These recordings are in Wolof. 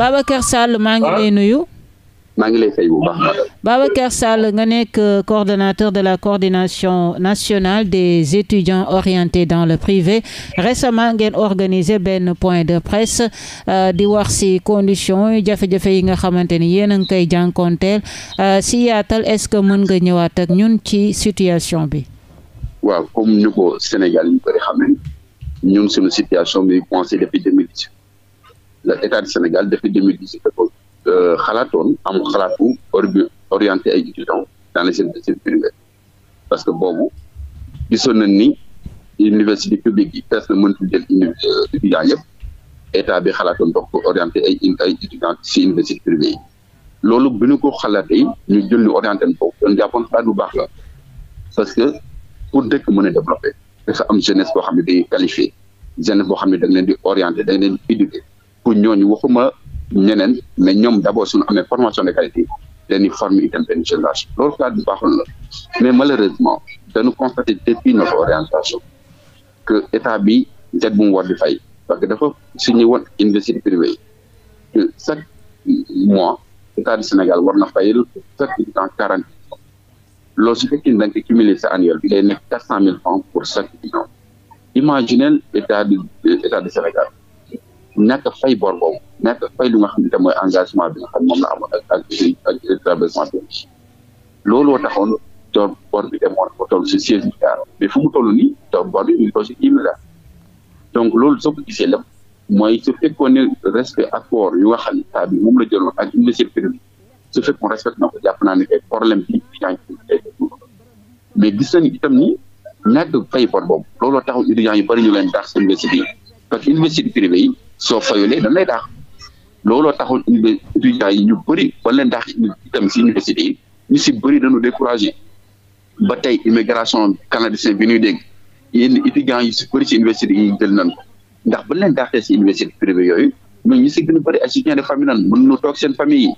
Babacar Sall maa ngi ah. lay nuyu. maa ngi Sall nga nekk euh, coordinateur de la coordination nationale des étudiants orientés dans le privé récemment ngeen organisé benn point de presse euh, di wax si conditions yi jafe-jafe yi nga xamante ni yéen a ngi koy jànkonteel euh, ci yaatal est-ce que mën nga ñëwaat ñun ci situation bi. waaw la état du Sénégal depuis 2018 dafa euh, xalaatoon am xalaatu orienté ay étudiants dans les services privés parce que boobu gisoon na ni université publique yi presque mëntu jël euh, étudiants yëpp état bi xalaatoon dox ko orienté ay ay étudiants si université privée yi loolu bi ñu ko xalaatee ñu jël ñu orienté boobu doon jàppoon xalaat bu baax la parce que pour dëkk mën a développé dafa am jeunesse boo xam ne day qualifié jeunesse boo xam ne da nga leen di orienté da nga leen di éduqué pour ñooñu waxuma ñeneen mais ñoom d' abord suñu amee formation de qualité dañuy former itam benn génération loolu kaa du baaxoon mais malheureusement dañu constaté depuis notre orientation que état bi jet bu mu war di fay parce que dafa signé won université privée que chaque mois état du Sénégal war na fayal chaque étudiant quarante loolu su fekkee da nga ko cumulé annuel bi day nekk quatre cent mille francs pour chaque étudiant imaginez état du Sénégal ñàkk a fay bor boobu ñàkk fay lu nga xam ne mooy engagement bi nga xam moom la amoon ak ak ak looloo taxoon tool bor bi si seize milliards mais fu mu toll nii tool bor bi mu donc loolu soo mooy su fekkoon ne respect accord yu nga xam ne taa la jëloon ak université privé su fekkoon respect na ko jàpp naa ne kay problème bi étudiant yi mais gis ni ñàkk fay boobu looloo taxul étudiants yu bëri ñu leen daax si université que université privée soo fayulee dañ lay daax looloo taxul étudiants yi ñu bëri ba leen daax itam si université yi ñu si bëri dañu découragé ba tey immigration canadien bi ñuy dégg yenn étudiants yu si bëri si université yi jël nañ ko ndax ba leen daaxtee si université privée yooyu ñooñu ñu si gën a bëri ay soutien de famille nan toog seen famille yi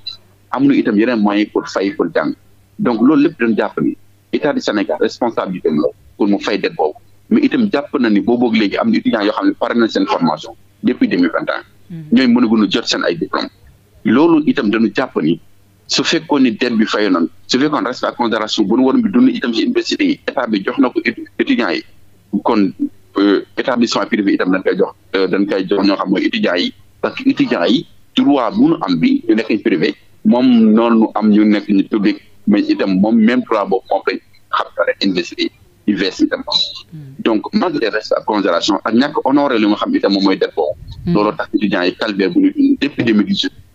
amuñu itam yeneen moyen pour fay pour jàng donc loolu lépp dañu jàpp ni état du Sénégal responsabilité la pour mu fay det boobu mais itam jàpp na ni boo boog léegi am na étudiants yoo xam ne pare na seen formation depuis deux mille vingt ans. jot seen ay diplôme loolu itam dañu jàpp ni su fekkoon ni dette bi fayoo noonu su fekkoon reste à considération bu nu waroon bi dund itam si université yi état bi jox na ko étudiants yi kon euh, établissement privé itam dañ koy jox euh, dañ koy jox ñoo xam mooy étudiants yi parce que étudiants yi droit bu nu am bi ñu nekk privé moom noonu am ñu nekk ñu public mais itam moom même droit boobu moom lañ xam ne université yi. Hmm. donc manque ak congélation ak li nga xam itam moom mooy def boobu looloo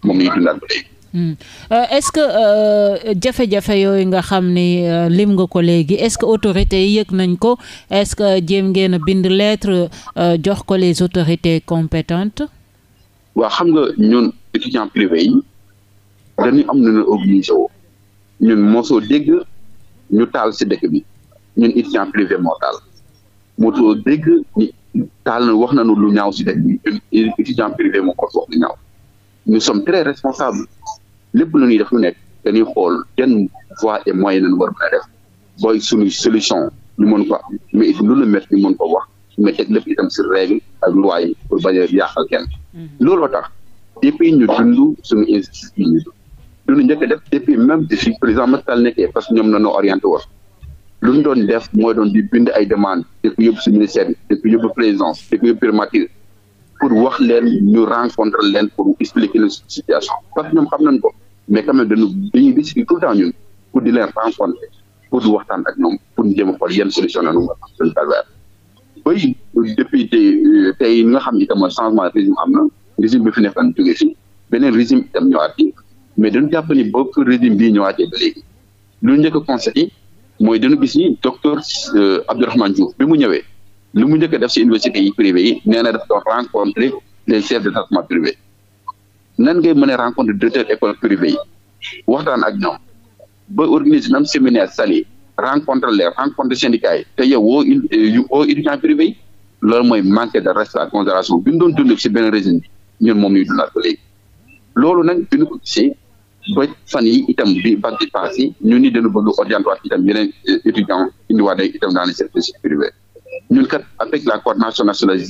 moom lañuy hmm. euh, est-ce que euh, jafe-jafe yooyu nga xam ni euh, lim nga ko léegi est-ce que autorités yi yëg nañ ko est-ce que jéem ngeen a bind lettre euh, jox ko les autorités compétentes waaw xam nga ñun étudiants privés yi dañu am na ñu organisé ñun mosoo dégg ñu taal ci dëkk bi ñun étudiant privé moo taal moo too dégg ñu taal na wax nañu lu ñaaw si dañ ñun étudiant privé moo ko wax lu ñaaw nous sommes très responsables lépp lu ñuy def lu nekk dañuy xool yan voie et moyen nañu war mën a def booy suñu solution ñu moon ko am mais it lu la métti ñu mën ko wax mais teg lépp itam si règle ak loi yi pour bañ a yàqal kenn mm-hmm. looloo tax depuis ñu dund suñu injustice yi def depuis même depuis président Macky Sall parce que ñoom nañoo orienté woon lu ñu doon def mooy doon di bind ay demande di ko yóbbu si ministère bi di ko yóbbu présidence di ko yóbbu pour wax leen ñu rencontre leen pour expliquer leen situation parce que ñoom xam nañ ko mais quand même dañu dañuy décider tout le temps ñun pour di leen rencontrer pour di ñoom pour ñu jéem a xool yenn solution a pervers bay depuis tey euh, nga xam itam mooy changement régime am na régime bi fi nekk daan jógee fii beneen régime itam ñëwaat mais dañu jàpp ni bokk régime bii ñëwaatee ba léegi lu njëkk a mooy dañu gis ni docteur euh, Abdourahmane Diouf bi mu ñëwee lu mu njëkk def si université yi privé yi nee na daf doon rencontrer les chefs de département privé nan ngay mën a rencontrer directeur école privée yi waxtaan ak ñoom ba organiser nam séminaire sali rencontre les rencontre syndicats yi te yow woo euh, yu woo étudiants privé loolu mooy manque de respect ak considération bi ñu doon dund si benn régime bi moom ñuy dundaat ko léegi loolu nag bi ko gisee ba fan yi itam bi bag bi paas yi ñu ni dañu bëgg orienté waat itam yeneen eh, étudiant indiwaat rek itam dans les services privés ñun kat avec la coordination nationale des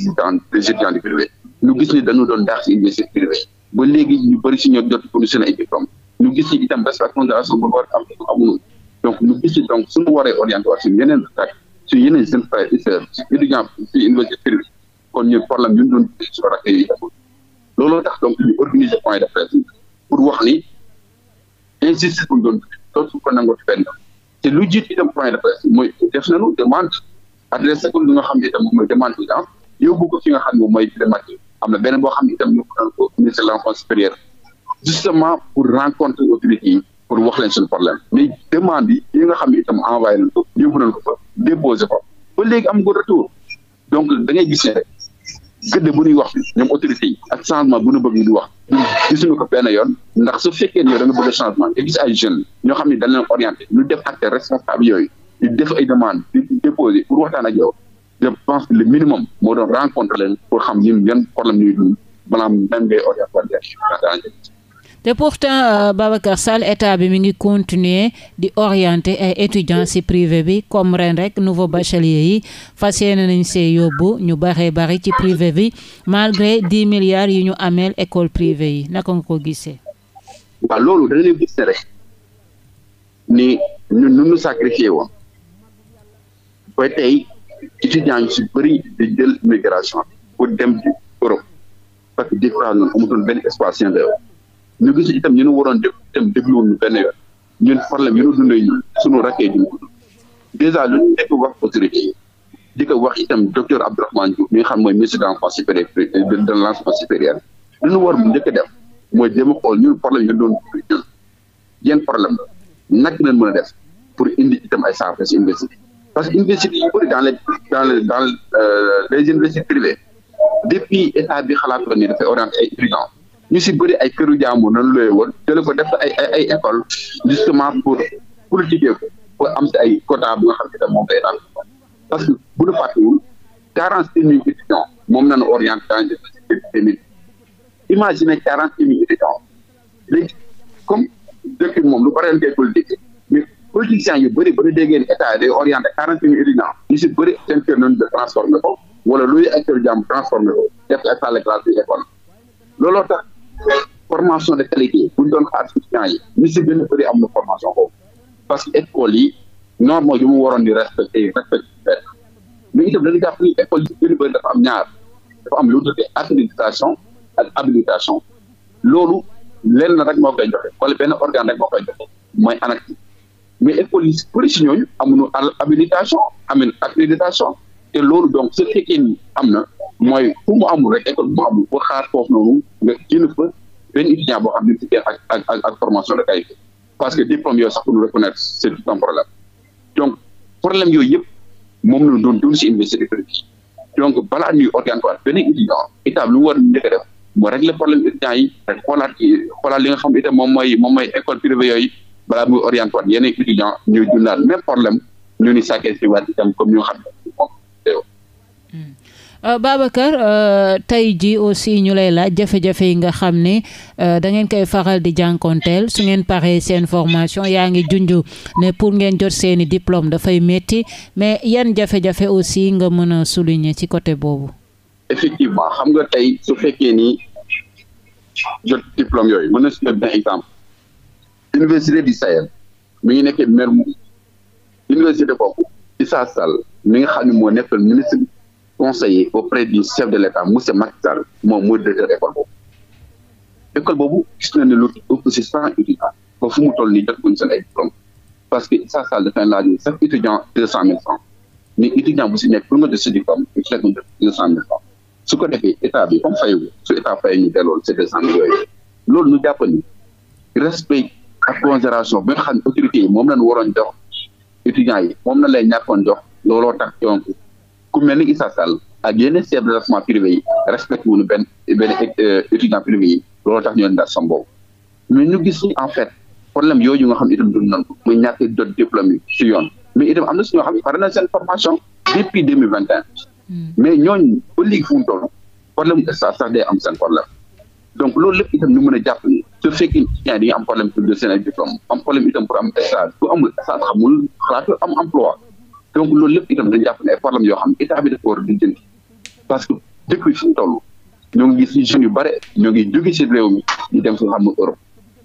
étudiants privé ñu gis ni dañu doon daax si université privé ba léegi ñu bëri si ñoo jot pour ñu seen ay diplôme gis ni itam respecté de la so ba war am amuñu donc ñu gis ni donc suñu waree orienté waat suñu yeneen rak suñu yeneen seen frères et si étudiant privé kon ñu problème ñun doon suñu tax donc ñu organiser de presse pour wax ni injustice bu ñu doon dund dootuñu ko nangoo fenn te lu jiitu itam point de mooy def nañu demande adressé ko li nga xam itam moom mooy demande d'audience ah. yóbbu ko fi nga xam ne moom mooy primature am na beneen boo xam ne itam ñu ko doon ko ministre de l'enseignement supérieur justement pour rencontrer autorités yi pour wax leen suñu problème mais demande yi yi nga xam ne itam envoyé nañ ko yóbbu nañ ko déposé ko ba léegi am nga retour donc da ngay gis ne gëdd bu ñuy wax ñoom autorités yi ak changement bu ñu bëgg di wax gisuñu ko benn yoon ndax su fekkee ne yow da nga bëgg changement te gis ay jeunes ñoo xam ne dañ leen orienté ñu def acte responsable yooyu di def ay demande di déposer pour waxtaan ak yow je pense que le minimum moo doon rencontre leen pour xam ñun yan problème ñuy dund balaa même ngay orienté te pourtant euh, Babacar Sall état bi mi ngi continuer di orienter ay étudiants ci privé bi comme ren rek nouveau bachelier yi fas yéene nañ see yóbbu ñu baree bari ci privé bi malgré dix milliards yi ñu ameel école privée yi naka nga ko gisee. waaw loolu da leen gis rek ni ñun nu ñu sacrifié tey étudiants yu si bëri di jël migration pour dem di Europe parce di France noonu amutoon benn espace seen réew ñu gis itam ñu nu waroon déglu itam dégluwul ñu benn yoon ñun problème yu dundee ñun suñu rakkee ñu ko dund dèjà lu ñu nekk wax autorité yi di ko wax itam docteur Abdourahmane Diouf mi nga xam mooy ministre de l'enseignement supérieur de l'enseignement supérieur lu njëkk def mooy jéem a xool ñun problème yu doon dund problème nak nañ mën a def pour indi itam ay saafara si université parce que université yi bëri dans les dans les dans euh, les depuis état bi xalaatoon ni dafay orienté ay étudiants ñu si bëri ay këru jàmbur nañu looy woon jëlee ko def ay ay ay école justement pour politiquer ko am si ay quota bu nga xam ne moom day daal parce que bu ñu fàttewul quarante six mille étudiants moom nañu orienté dans les mille imaginez quarante six mille étudiants léegi comme dëkk moom lu bari koy politique mais politiciens yu bëri bëri déggeen état day orienté quarante six mille étudiants ñu si bëri seen kër nañu de transformé ko wala luy ay këru jàmbur transformé ko def ay salle de classe yi école formation de qualité bu ñu doon xaar ci temps yi ñu si gën a bëri amul formation boobu parce que école yi norme yu mu waroon di respecté respecté mais itam dañu jàpp ni école yi gën a bëri dafa am ñaar dafa am lu tuddee accréditation ak habilitation loolu lenn rek moo koy joxe wala benn organe rek moo koy joxe mooy ANAQ mais école yi bëri si ñooñu amuñu habilitation amuñu accréditation te loolu donc ce fekkee am na mooy fu mu amul rek école bu mu amul ba xaar foofu noonu nga génn fa benn étudiant boo xam ne ci ak ak ak formation de qualité parce que diplôme yooyu sax pour nous reconnaître c' est tout un problème donc problème yooyu yëpp moom la doon dund si université bi donc balaa ñuy organe quoi benn étudiant état lu mu war a njëkk a def moo li nga xam itam moom mooy moom mooy école privée yooyu balaa muy orienté waat yeneen étudiant ñuy dundaat même problème ñu ni sàkkee si waat itam comme ñu xam Euh, Babacar euh, tey ji aussi ñu lay laaj jafe-jafe yi nga xam ne euh, da ngeen koy faral di jànkonteel su ngeen paxee seen formation yaa ngi junj ne pour ngeen jot seeni diplôme dafay métti mais yan jafe-jafe aussi nga mën a souligner ci côté boobu. effectivement xam université du Sahel mi ngi nekkee Mermoz université boobu Issa Sall mi nga xam ne moo ministre. conseiller auprès du chef de l'État monsieur Macky Sall moom mooy directeur école boobu école boobu gis na ne lu ëpp si cent étudiants ba fu mu toll nii jot ko ñu seen diplôme parce que sa salle dafay laaj chaque étudiant deux cent mille si nekk pour nga de si diplôme il faut deux cent mille francs su ko defee état bi comme fayu su état fayu ñu delloo ces deux cent mille yooyu loolu ñu jàpp ni respect ak considération bi nga xam ne autorités yi moom lañ waroon jox étudiants yi moom lañ lay ñàkkoon jox looloo tax yoon ku mel ni Issa Sall ak yeneen chef de l'établissement privé yi respecté wuñu benn euh, privé yi loolu tax ñu leen daal sam boobu ñu gis ni en fait problème yooyu nga xam ne itam dund nañ ko muy ñàkk jot diplôme yi si itam am na suñoo xam ne pare nañ seen formation depuis deux vingt et un hmm. mais ñooñu ba léegi fu mu toll problème sa sax day am seen problème donc loolu lépp itam ñu mën a jàpp ni su fekkee étudiant yi dañu am problème pour de seen ay diplôme am problème itam pour am stage bu amul stage am emploi donc loolu lépp itam dañu jàpp ne ay problème yoo xam ne état parce que dëkk bi fi mu ñoo ngi gis jeunes yu bare ñoo ngi jóge ci réew mi ñu dem fu xam ne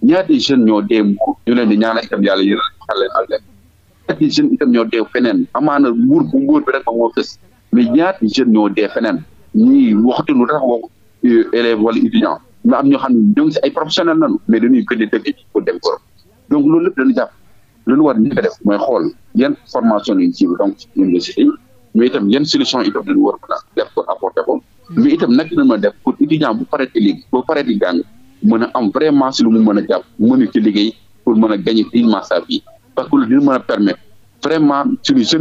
ñaati jeunes ñoo dee mu ñu leen di ñaanal itam yàlla yëral leen al leen ñaati jeunes ñoo dee feneen amaana nguur bu nguur bi rek moom moo fës mais ñaati jeunes ñoo dee feneen ñii waxtu lu tax wax euh, élève wala étudiant mais am ñoo xam ne ñoo ngi si ay professionnel nanu mais dañuy gën di dëkk pour dem Europe donc loolu lépp dañu jàpp lu ñu war a njëkk mooy xool yan formation lañ ci donc ci université yi mais itam yan solution itam lañ war mën a def pour apporter itam nag lañ mën def pour étudiant bu paree paree di jàng mën a am vraiment si lu a jàpp que lu dina mën a permettre vraiment si lycée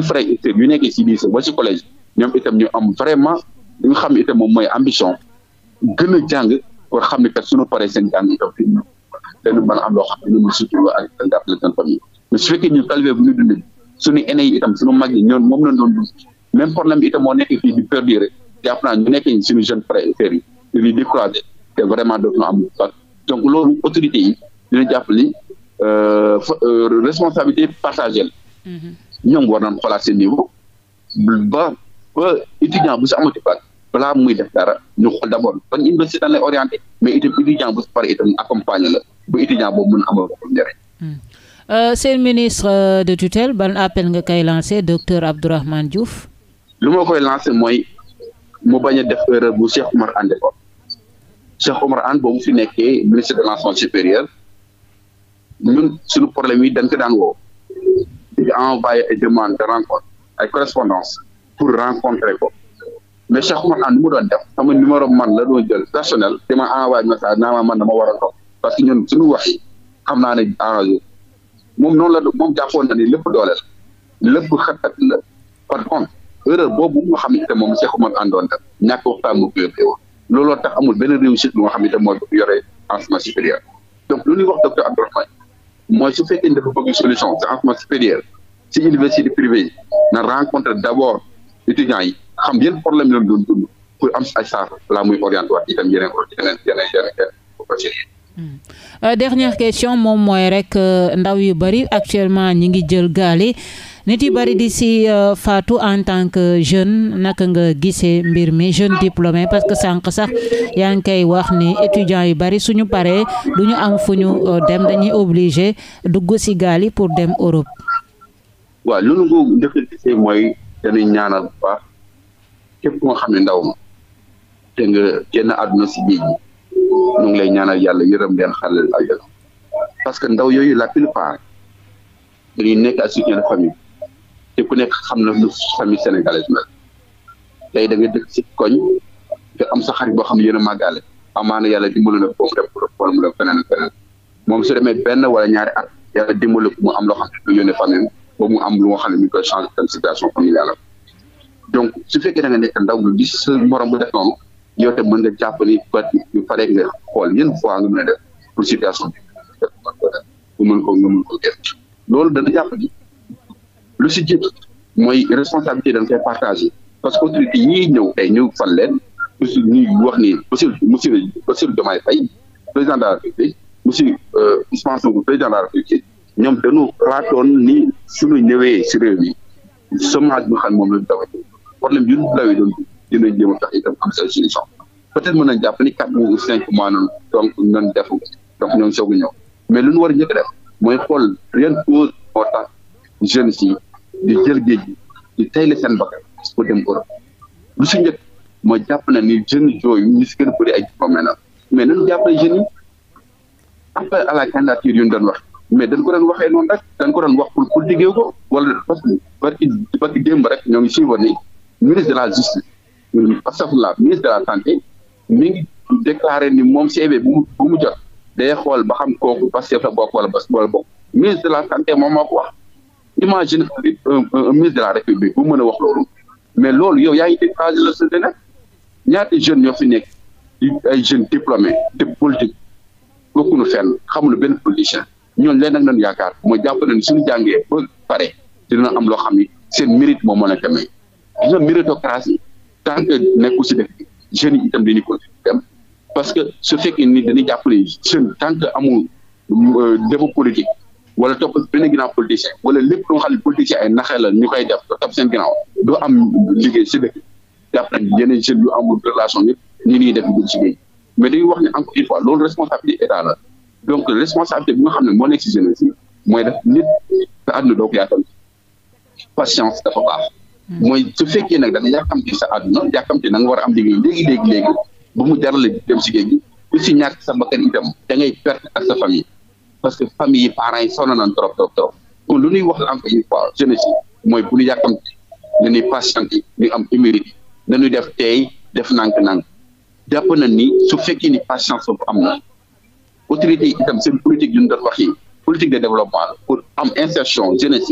ba si collège ñoom itam ñu am vraiment li nga xam ne itam moom mooy ambition gën a jàng pour xam ne kat suñu paree seen jàng itam fi dana mën a am loo ñu mën bu ñu dundee suñu aîné yi itam suñu mag yi ñoom moom lañ doon dund même problème itam moo nekk fii di perdurer jàpp naa ñu nekk suñu jeune frères yi dañuy décourager te vraiment dootuñu am ba donc loolu autorité yi dina jàpp ni euh, euh, responsabilité partagée la mm-hmm. ñoom war nañ xoolaat seen niveau ba ba étudiant bu si balaa muy def dara ñu xool d' abord ban université dañ lay mais itam étudiant bu si pare itam accompagné la bu étudiant boobu mën a amal Euh, seen ministre euh, de tutelle ban appel nga koy lancé docteur Abdourahmane Diouf. lu ma koy lancé mooy mu bañ a def bu Cheikh Oumar Anne defoon Cheikh Oumar Anne boobu fi nekkee ministre de l'enseignement supérieur ñun suñu problème yi dañ ko daan woo di envoyé ay demande de rencontre ay correspondance pour rencontrer ko mais Cheikh Oumar Anne mu doon def sama numéro man la doon jël personnel dama envoyé message naa ma man dama war a toog parce que ñun suñu wax yi xam naa ne moom noonu la moom jàppoon na ni lépp doole la lépp xatat la par contre erreur boobu nga xam ne moom Cheikh Oumar àndoon na ñàkk waxtaan mu koy réew looloo tax amul benn réussite bu nga xam ne mooy yore enseignement supérieur donc lu ñuy wax docteur Abdourahmane mooy su fekkee dafa bëgg solution si enseignement supérieur si université privée na rencontre d' abord étudiants yi xam yan problème la doon dund pour am ay saafara balaa muy orienté waat itam yeneen yeneen yeneen Euh, dernière question moom mooy rek euh, ndaw yu bari actuellement ñi ngi jël gaali yi nit yu bari di si euh, faatu en tant que jeune naka nga gisee mbir mi jeune diplômé parce que sànq sax yaa ngi koy wax ni étudiants yu bari suñu paree du ñu am fu ñu dem dañuy obligé dugg si gaal pour dem Europe. waaw loolu nga njëkk a gisee mooy dañuy ñaanal bu baax képp nga si géej gi ñu ngi lay ñaanal yàlla yërëm leen xalal àjjana parce que ndaw yooyu la plupart dañuy nekk ak soutien de famille te ku nekk xam na lu famille sénégalaise mel tey da nga dëkk si koñ am sa xarit boo xam ne yéen a màggaale amaana yàlla dimbali na ko mu dem wala mu moom su demee benn wala ñaari at yàlla dimbali mu am loo xam ne mu am lu xam ne mi ngi koy changé seen situation familiale donc su fekkee da nga nekk ndaw nga gis sa yow te mën nga jàpp ni ba ñu nga xool yenn fois nga mën a def pour situation bi bu mën ko loolu dana jàpp ni lu si jiitu mooy responsabilité dañ koy partagé parce que autorité yii ñëw tey ñëw fan leen monsieur ñuy wax ni monsieur monsieur monsieur Diomaye Faye président de la République monsieur euh, Ousmane Sonko président de la République ñoom dañu xalaatoon ni suñu ñëwee si réew mi chômage bi nga moom la ñu problème doon dinañ jéem a tax itam am seen solution peut-être mën nañ jàpp ni quatre mois ou cinq mois noonu donc noonu defu donc ñoom soogu ñëw mais lu ñu war a njëkk def mooy xool rien cause moo tax jeunes yi di jël géej di tayle seen bakkan pour dem Europe lu si njëkk mooy jàpp na ni jeunes yooyu ñu si gën a bëri ay diplôme na mais nañu jàppale jeunes yi appel à la candidature yu ñu doon wax mais dañ ko doon waxee noonu rek dañ ko doon wax pour pour liggéey ko wala parce que parce que démb rek ñoo ngi suivre ni ministre de la astafurlah ministre de la santé mi ngi déclaré ni moom CV bu mu bu jot day xool ba xam kooku Pastef la bokk wala wala bokk ministre de la santé moom moo ko wax imagine un ministre de la république bu mën a wax loolu mais lool yow yaa ngi découragé la société nag ñaata jeunes ñoo fi nekk ay jeunes diplômés te politique bokkuñu fenn xamuñu benn politicien ñooñu leen nag nañu yaakaar mooy jàpp nañu suñu jàngee ba pare dina am loo xam ni seen mérite moom moo leen demee gis nga méritocratie tant que nekku si def jeunes yi itam dañuy continuer dem parce que su fekkee ni dañuy jàppale jeune tant que amul euh, débat politique wala topp benn ginnaaw politicien wala lépp lu nga xam ne politicien ay naxe la ñu koy def topp seen ginnaaw doo am liggéey si dëkk jàpp nañ yeneen jeunes yu amul relation yëpp ñu ngi def duñ si mais dañuy wax ne encore il fois loolu responsabilité état la donc responsabilité bi nga xam ne moo nekk si jeunesse yi mooy def nit te àdduna doo ko yaatal patience dafa baax Mm. mooy su fekkee nag da nga yàkkamti sa àdduna yàkkamti na nga war a am liggéey léegi léegi léegi ba mu jarale dem si géej gi si ñàkk sa bakkan itam da ngay perte ak sa famille parce que famille yi parents yi sonn nañ trop trop trop kon lu ñuy wax encore une fois jeunesse mooy bu ñu yàkkamti nañuy patiente ñu am humilité nañuy def teey def nànk nan jàpp na ni su fekkee ni patience boobu am na autorité yi itam seen politique yu ñu doon wax yi politique de développement pour am insertion jeunesse